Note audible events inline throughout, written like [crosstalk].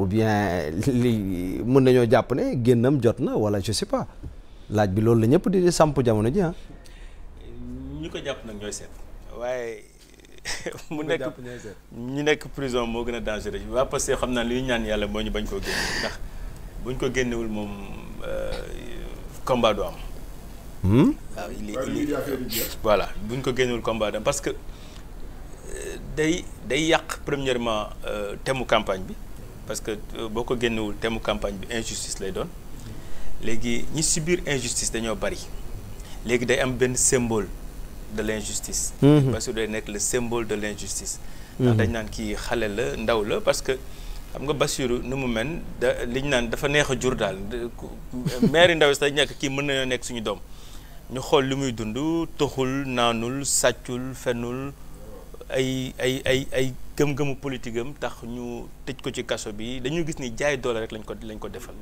ou bien li mën nañoo jàpp ne génnam jot na wala je sais pas laaj bi loolu la ñëpp di samp jamono ji ah. ñu ko jàpp nag ñooy seet waaye. [laughs] mu nekk ñu nekk prison moo gën a dangereux waa Pastef xam naa li ñaan yàlla moo ñu bañ koo génne ndax buñ ko génnewul moom euh, combat du am. Hmm? waaw il est voilà buñ ko génnewul combat am parce que euh, day day yàq premièrement euh, temu mu campagne bi. parce que euh, boo ko génnewul thème campagne bi injustice lay doon léegi ñi subir injustice dañoo bari léegi day am benn symbole de l'injustice mhm. parce que day nekk le symbole de l'injustice mhm. ndax dañ naan kii xale la ndaw la parce que xam nga Bassirou nu mu mel da naan dafa neex a jur daal maire ndaw si dañ nekk kii mën nañoo nekk suñu doom ñu xool li muy dund toxul naanul sàccul fenul ay ay ay ay gëm-gëmu politique am tax ñu tëj ko ci kaso bi dañu gis ni jaay doole rek lañ ko lañ ko defal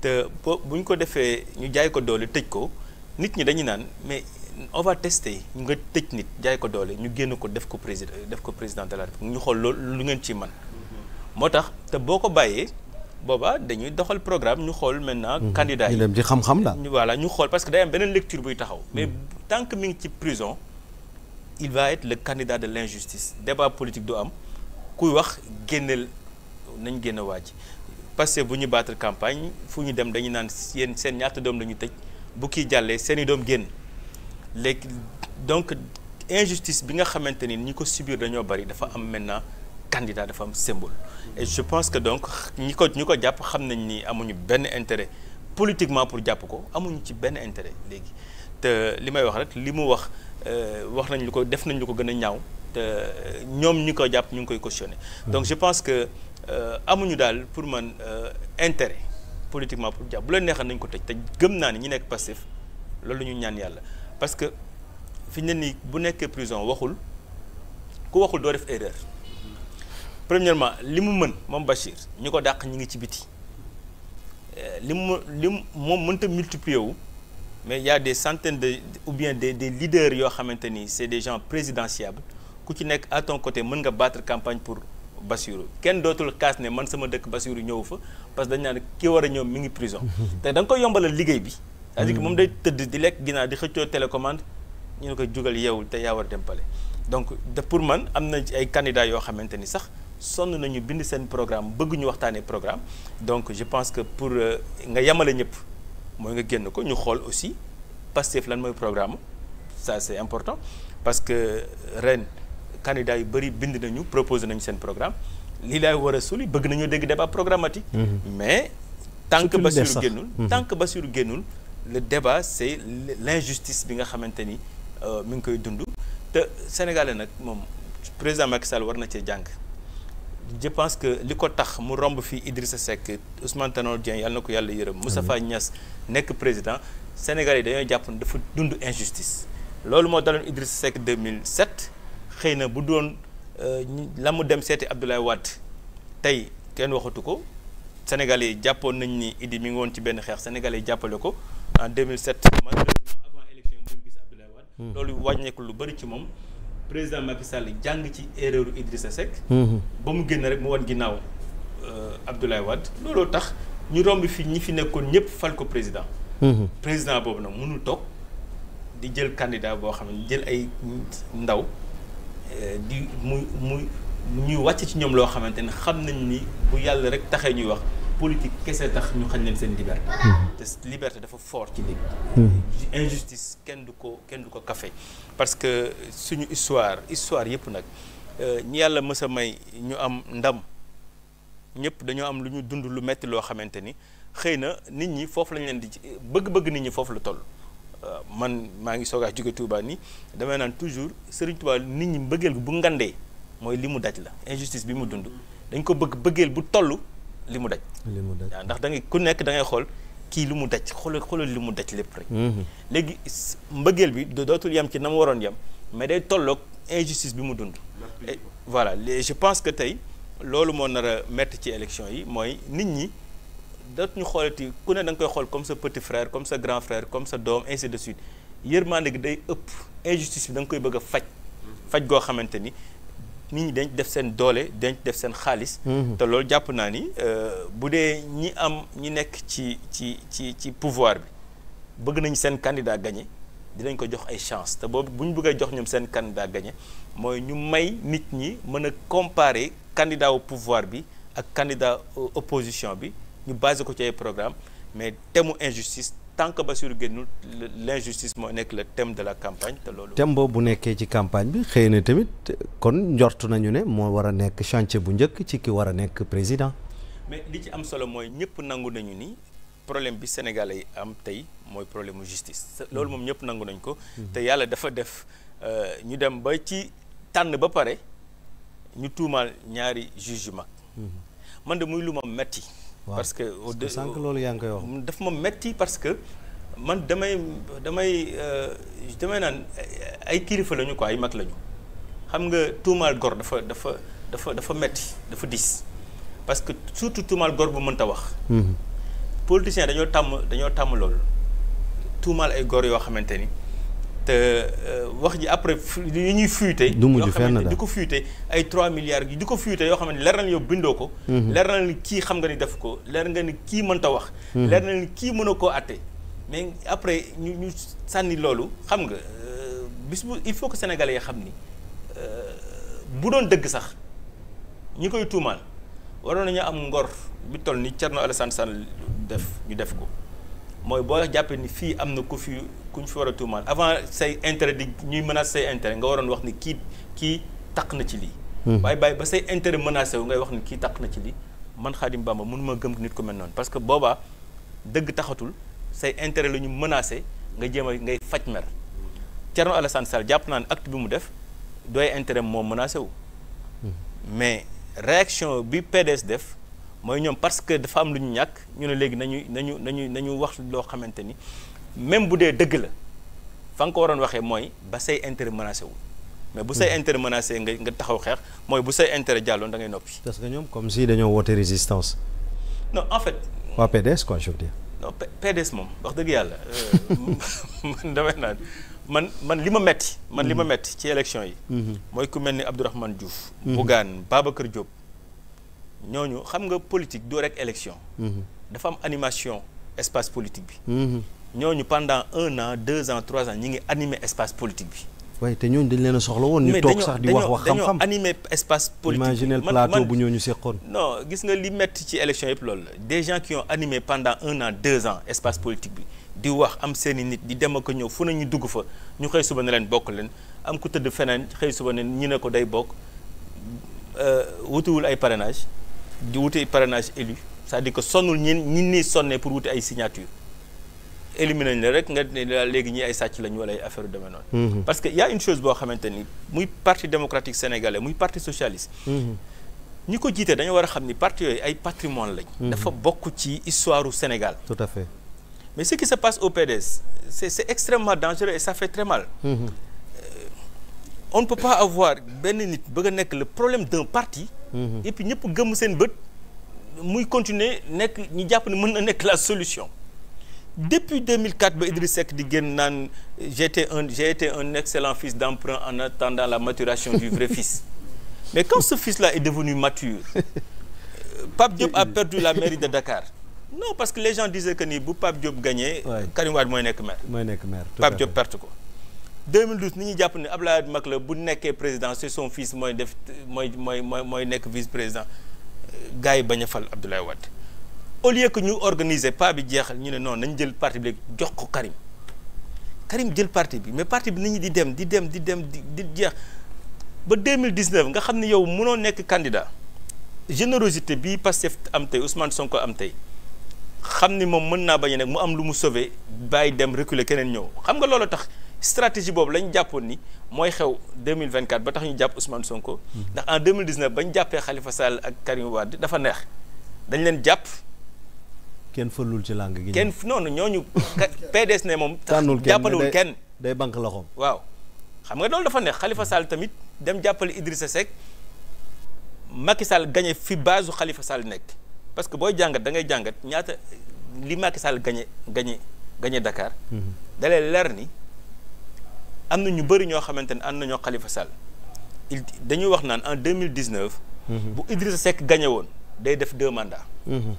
te bo bu ñu ko defee ñu jaay ko doole tëj ko nit ñi dañu naan mais on va tester ñu nga tëj nit jaay ko doole ñu génn ko def ko président def ko président de la République ñu xool lool lu ngeen ci man moo tax te boo ko bàyyee booba dañuy doxal programme ñu xool maintenant. Mhm. candidat yi ñu dem ci xam-xam la. voilà ñu xool parce que day am beneen lecture buy taxaw. Mhm. mais tant que mi ngi ci prison il va être le candidat de l'injustice débat politique du am. kuy wax génneel nañ génn waa ji parce que bu ñu battre campagne fu ñu dem dañu naan yéen seen ñaata doom lañu tëj bu kii jàllee seeni i doom génn léegi donc injustice bi nga xamante ni ñi ko subir dañoo bari dafa am maintenant candidat dafa am symbole. e je pense que donc ñi ko ñi ko jàpp xam nañ ni amuñu benn intérêt politiquement pour jàpp ko amuñu ci benn intérêt léegi te li may wax rek li mu wax euh, wax nañ lu ko def nañ lu ko gën a ñaaw. Euh, ñoom ñi ko jàpp ñu ngi koy cautionné donc je pense que euh, amuñu daal pour man euh, intérêt politiquement pour jàpp bu leen neexal nañ ko tëj te gëm naa ne ñi nekk passif loolu ñu ñaan yàlla parce que fi ñu ne nii bu nekkee prison waxul ku waxul doo def erreur premièrement li mu mën moom Bachir ñi ko dàq ñi ngi ci biti li mu li mu moom mënta multiplier wu mais il y a des centaines de ou bien des des leaders yoo xamante ni c'est des gens présidentiables ku ci nekk à ton côté mën nga battre campagne pour Bassirou kenn dootul kaas ne man sama dëkk Bassirou ñëw fa parce que dañ naan ki war ñëw mi ngi prison [laughs] te da koy yombalal liggéey bi cest mm. moom day tëdd di lekk ginnaaw di xëccoo télécommande ñu ne ko jugal yeewul te yaa war dempale donc de pour man am na ci ay candidats yoo xamante ni sax sonn nañu bind seen programme bëgg ñu waxtaanee programme donc je pense que pour euh, nga yamale ñëpp mooy nga génn ko ñu xool aussi Pastef lan mooy programme ça c'est important parce que euh, ren candidats yu bëri bind nañu proposé nañu seen programme lii laay war a suli bëgg nañoo dégg débat programmatique. Mhm. mais tant que Bassirou génnul mhm. tant que Bassirou génnul le débat c'est l'injustice bi nga xamante ni euh, mu ngi koy dund te sénégalais nag moom président Macky Sall war na cee jàng je pense que li ko tax mu romb fii Idrissa Seck Ousmane Tanor Dieng yàlla na ko yàlla yërëm Moustapha Niass nekk président sénégalais yi dañoo jàpp ne dafa dund injustice loolu moo daloon xëy na bu doon euh, la mu dem seeti Abdoulaye Wade tey kenn waxatu ko Sénégalais yi jàppoon nañ ni Idi mi ngi woon ci benn xeex Sénégalais yi jàppale ko en 2007 malheureusement avant élection bi mu gis Abdoulaye Wade. Hmm. loolu wàññeeku lu bëri ci moom président Macky Sall jàng ci erreur Idrissa Seck. Hmm. ba mu génn rek mu wan ginnaaw euh, Abdoulaye Wade looloo tax ñu romb fi ñi fi nekkoon ñëpp fal ko président. Hmm. président boobu nag mënul toog di jël candidat boo xam ne jël ay ndaw. di muy muy ñuy wàcc ci ñoom loo xamante ne xam nañ ni bu yàlla rek taxee ñuy wax politique kese tax ñu xañ leen seen liberté. Mm-hmm. te liberté dafa foor ci léegi. Mm-hmm. injustice kenn du ko kenn du ko kafe parce que suñu histoire histoire yëpp nag euh, ñi yàlla mës a may ñu am ndam ñëpp dañoo am lu ñu dund lu metti loo xamante ni xëy na nit ñi foofu lañ leen di bëgg-bëgg nit ñi foofu la toll. Euh, man maa ngi soogaa jóge Touba ni damay naan toujours Serigne Touba nit ñi mbëggeel bi bu ngandee mooy li mu daj la injustice bi mu dund dañ ko bëgg bëggeel bu toll li mu daj waaw ndax da ngay ku nekk dangay xool kii li mu daj xoolal xoolal li mu daj lépp rek mhm. léegi mbëggeel bi dootul yem ci na mu waroon yem mais day tolloog injustice bi mu dund voilà je pense que tey loolu moo nar a métti ci élection yi mooy nit ñi dootuñu xoolati ku ne danga koy xool comme sa petit frère comme sa grand frère comme sa doom ainsi de suite yërmande gi day ëpp injustice bi da koy bëgg a faj. faj goo xamante ni nit ñi dañ def seen doole dañ def seen xaalis. Mhm. te loolu jàpp naa ni euh, bu dee ñi am ñi nekk ci ci ci ci pouvoir bi bëgg nañ seen candidat gagné dinañ ko jox ay chance te boobu bu ñu buggee jox ñoom seen candidat gagné mooy ñu may nit ñi mën a comparer candidat wu pouvoir bi ak candidat euh, opposition bi. ñu basé ko ci ay programme mais thème mu injustice tant que Bassirou génnul l' injustice moo nekk le thème de la campagne te loolu. thème bu nekkee ci campagne bi xëy na tamit kon njortu nañu ne moo war a nekk chantier bu njëkk ci ki war a nekk président. mais li ci am solo mooy ñëpp nangu nañu ni problème bi Sénégalais yi am tey mooy problème mu justice. loolu moom ñëpp nangu nañ ko. Mm-hmm. te yàlla dafa def euh, ñu dem ba ci tànn ba pare ñu tuumaal ñaari juge yu mag. Mm-hmm. man de muy lu ma metti parce que sànq loolu yaa ngi koy wax. daf ma metti parce que man damay damay euh, damay naan ay kilifa lañu ko ay mag lañu xam nga tuumaal gor dafa dafa dafa dafa metti dafa diis parce que surtout tuumaal gor bu mënta wax. Mhm. politiciens dañoo tàmm dañoo tàmm loolu tuumaal ay gor yoo xamante ni. te euh, wax ji après li ñuy fuité. du mujj fenn daal di ko fuité ay 3 milliards du ko fuité yoo xam ne leer yoo yow bindoo ko. Mhm. leer ni kii xam nga ni def ko leer nga ni kii mënta wax. Mhm. leer na ni kii mën a koo àtte mais après ñu ñu sànni loolu xam nga euh, bis bu il faut que sénégalais yi xam ni euh, bu doon dëgg sax ñi koy tuumaal waroon nañu am ngor bi toll ni Thierno Alassane Sall def ñu def ko. mooy boo jàppee ni fii am na ku fi kuñ fi war a tuumaal avant say intérêt di ñuy menacer say intérêt nga waroon wax ni kii kii taq na ci lii. Hmm. waaye bàyyi ba say intérêt menacé wu ngay wax ni kii taq na ci lii man Xaadim Bamba mënuma gëm nit ku mel noonu parce que boobaa dëgg taxatul say intérêt la ñu menacé nga jéem a ngay faj mer. Thierno Alassane Sall jàpp naa ne acte bi mu def dooy intérêt moom menacé wu. Hmm. mais réaction bi PDS def. mooy ñoom parce que dafa am lu ñu ñàkk ñu ne léegi nañu nañu nañu nañu wax loo xamante ni même bu dee dëgg la fa nga ko waroon waxee mooy ba say intérêt menacé wu. mais bu say hmm. intérêt menacé nga nga taxaw xeex mooy bu say intérêt jàlloon da ngay noppi. parce que ñoom comme si dañoo woote résistance. non en fait. waa PDS quoi je veux dire. non moom wax dëgg yàlla euh, [laughs] man damay naan man man li ma metti man li ma hmm. metti ci élection yi. Hmm. mooy ku mel ni Abdourahmane Diouf. Bougane Babacar Diop. ñoo ñu xam nga politique doo rek élection. Mhm. dafa am animation espace politique bi. Mhm. ñoo ñu pendant un an deux ans trois ans ñi ngi anime espace politique bi. waaye te ñooñu dañ leen soxla woon. ñu toog sax di wax wax xam-xam animer espace politique imaginez le plateau bu ñooñu seqoon. non gis nga li metti ci élection yëpp loolu la des gens qui ont animé pendant un an deux ans espace politique bi di wax am seen i nit di dem a ko ñëw fu na ñu dugg fa ñu xëy suba ne leen bokk leen am ku tëdd feneen xëy suba ne ñu ne ko day bokk euh, wutuwul ay parrainage. di wute parrainage élu c'est-à-dire que sonnul ñin ñin nii sonnee pour wute ay signature éliminer nañ la rek nga léegi ñi ay sàcc lañu wala ay affaire demee mhm. parce que y a une chose boo xamante ni muy parti démocratique sénégalais muy parti socialiste mhm. ñi ko jiite dañoo war a xam ni parti yooyu ay patrimoine lañ mhm. dafa bokk ci histoire u Sénégal tout à fait mais ce qui se passe au PDS c'est c'est extrêmement dangereux et ça fait très mal euh, on ne peut pas avoir benn nit bëgg a nekk le problème d'un parti et puis ñëpp gëmm seen bët muy continuer nekk ñu jàpp ne mën na nekk la solution depuis 2004 ba Idriss di génn naan j'étais un j'ai été un excellent fils d'emprunt en attendant la maturation du vrai fils [laughs] mais quand ce fils la est devenu mature euh, Pape Diop a perdu la mairie de Dakar non parce que les gens disaient que ni bu Pape Diop gagné Karim Wade mooy nekk maire mooy nekk maire Pape Diop perte ko 2012 ni ñuy jàpp ne Abdoulaye Wade mag la bu nekkee président c'est son fils mooy def mooy mooy mooy mooy nekk vice président euh, gars yi bañ a fal Abdoulaye Wade au lieu que ñu organiser pas bi jeexal ñu ne noonu nañ jël parti bi léegi jox ko Karim Karim jël parti bi mais parti bi nit ñi di dem di dem di dem di di jeex ba 2019 nga xam ne yow mënoo nekk candidat générosité bii Pastef am tey Ousmane ko am tey xam ni moom mën naa bañ a nekk mu am lu mu sauvé bàyyi dem reculer keneen ñëw xam nga loolu tax. stratégie boobu la ñu jàppoon ni mooy xew 2024 ba tax ñu jàpp Ousmane Sonko. ndax en 2019 ba ñu jàppee Khalifa Sall ak Karim Wade dafa neex dañ leen jàpp. kenn fëlul ci langue gi. kenn noonu ñooñu PDS [laughs] ne moom. tànnul kenn jàppalewul kenn day banque loxoom. waaw xam nga loolu dafa neex xalifa Sall tamit dem jàppale Idrissa Seck Macky Sall gagné fi base xalifa Khalifa nekk parce que booy jàngat da ngay jàngat ñaata li Macky Sall gagné gagné gagné Dakar. Mhm. dalee leer ni. am na ñu bëri ñoo xamante ne ànd nañoo Khalifa Sall il dañuy wax naan en deux mille dix neuf. Mhm. bu Idrissa Seck gagné woon day def deux mandats. Mhm.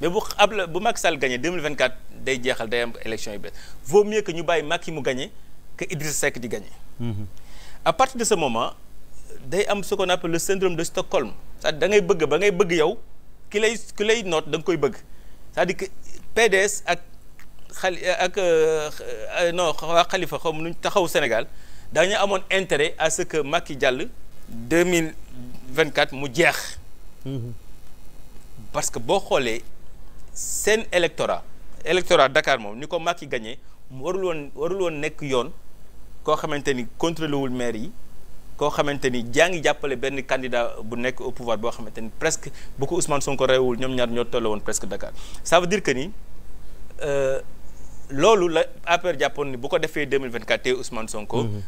mais bu Abla bu mag Sall gagné deux vingt quatre day jeexal day am élection yu bees vaut mieux que ñu bàyyi Macky mu gagné que Idrissa Seck di gagné. Mhm. à partir de sa moment day am ce qu'on appelle le syndrome de Stockholm c'est-à-dire da ngay bëgg ba ngay bëgg yow ki lay ki lay noot da koy bëgg c'est-à-dire que ak. xali ak euh, non waa xalifa xaw ma nu taxaw Sénégal daañu amoon intérêt à ce que Macky jàll deux mille vingt quatre mu jeex. Mhm. parce que boo xoolee seen électorat électorat Dakar moom ni ko makk gagné warul woon warul woon nekk yoon koo xamante ni contrôlé wul maire yi. koo xamante ni jaa ngi jàppale benn candidat bu nekk au pouvoir boo xamante ni presque bu ko Ousmane Sonko réewul ñoom ñaar ñoo tolloo woon presque Dakar ça veut dire que nii euh, loolu la APR jàppoon ni bu ko defee 2024 tey Ousmane Sonko. Mhm.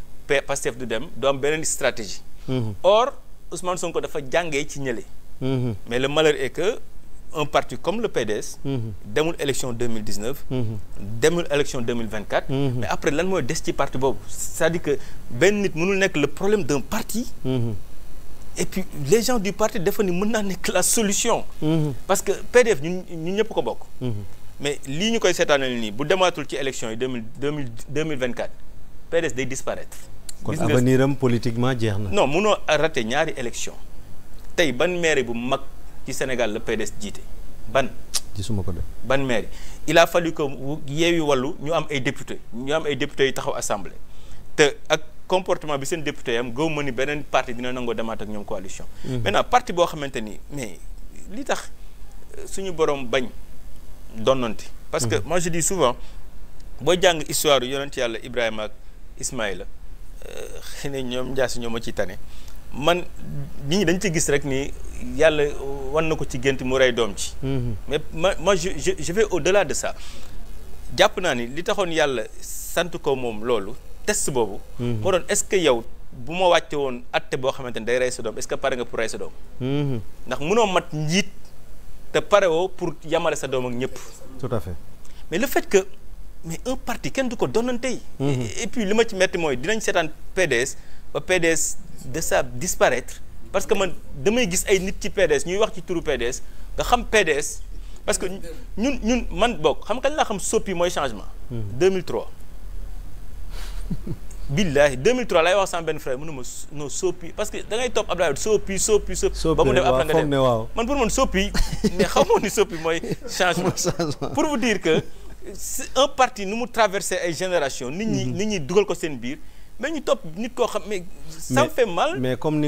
Pastef du dem du am beneen stratégie. Mhm. or Ousmane Sonko dafa jàngee ci ñële. Mhm. mais le malheur est que un parti comme le PDS. demul élection 2019. demul élection 2024. mais après lan mooy des ci parti boobu c'est-à-dire que benn nit mënul nekk le problème d'un parti. et puis les gens du parti defa ni mën naa nekk la solution. parce que PDF ñu ñëpp ko bokk. mais lii ñu koy seetaanal nii bu demaatul ci élection yi deux mille deux mille vingt quatre PDS day disparaître. kon avenir am politiquement jeex na. non munoo raté ñaari élection tey ban maire bu mag ci Sénégal la PDS jiite ban. suma ko de ban maire il a fallu que yeewi wàllu ñu am ay député ñu am ay député yu taxaw assemblée te ak comportement bi seen député am gëw ma ni beneen parti dina nangoo demaat ak ñoom coalition. Mhm. maintenant parti boo xamante ni mais li tax euh, suñu borom bañ. donnante parce que mhm. moi je dis souvent boo jàng histoire yu yonent yàlla Ibrahima ak Ismaïla euh, xëy na ñoom njaasi ñoom ma ci tane man nit ñi dañ ci gis rek ni yàlla wan na ko ci gént mu rey doom ci mhm. mais ma moi je je je au-delà de ça jàpp naa ni li taxoon yàlla sant ko moom loolu test boobu mhm. moo doon est-ce que yow bu ma wàcce woon atte boo xamante ni day rey sa doom est-ce que pare nga pour rey sa doom ndax mënoo mat njiit te parewoo pour yamale sa doom ak ñëpp. tout à fait mais le fait que mais un parti kenn du ko donnantey. Mm-hmm. et puis li ma ci metti mooy dinañ seetaan PDS ba PDS de ça disparaître parce que man damay gis ay nit ci PDS ñuy wax ci turu PDS nga xam PDS. parce que ñun ñun man bokk xam nga laa xam soppi mooy changement. 2003. Mm-hmm. [laughs] billahi 2003 lay wax sama benn frère mënu ma non soppi parce que da ngay topp soppi soppi soppi ba mu dem après nga dem man pour man soppi mais xam ni soppi mooy changement pour vous dire que un parti nu mu traversé ay génération nit ñi mhm. nit ñi dugal ko seen biir mais ñu topp nit koo xam mais ça me fait mal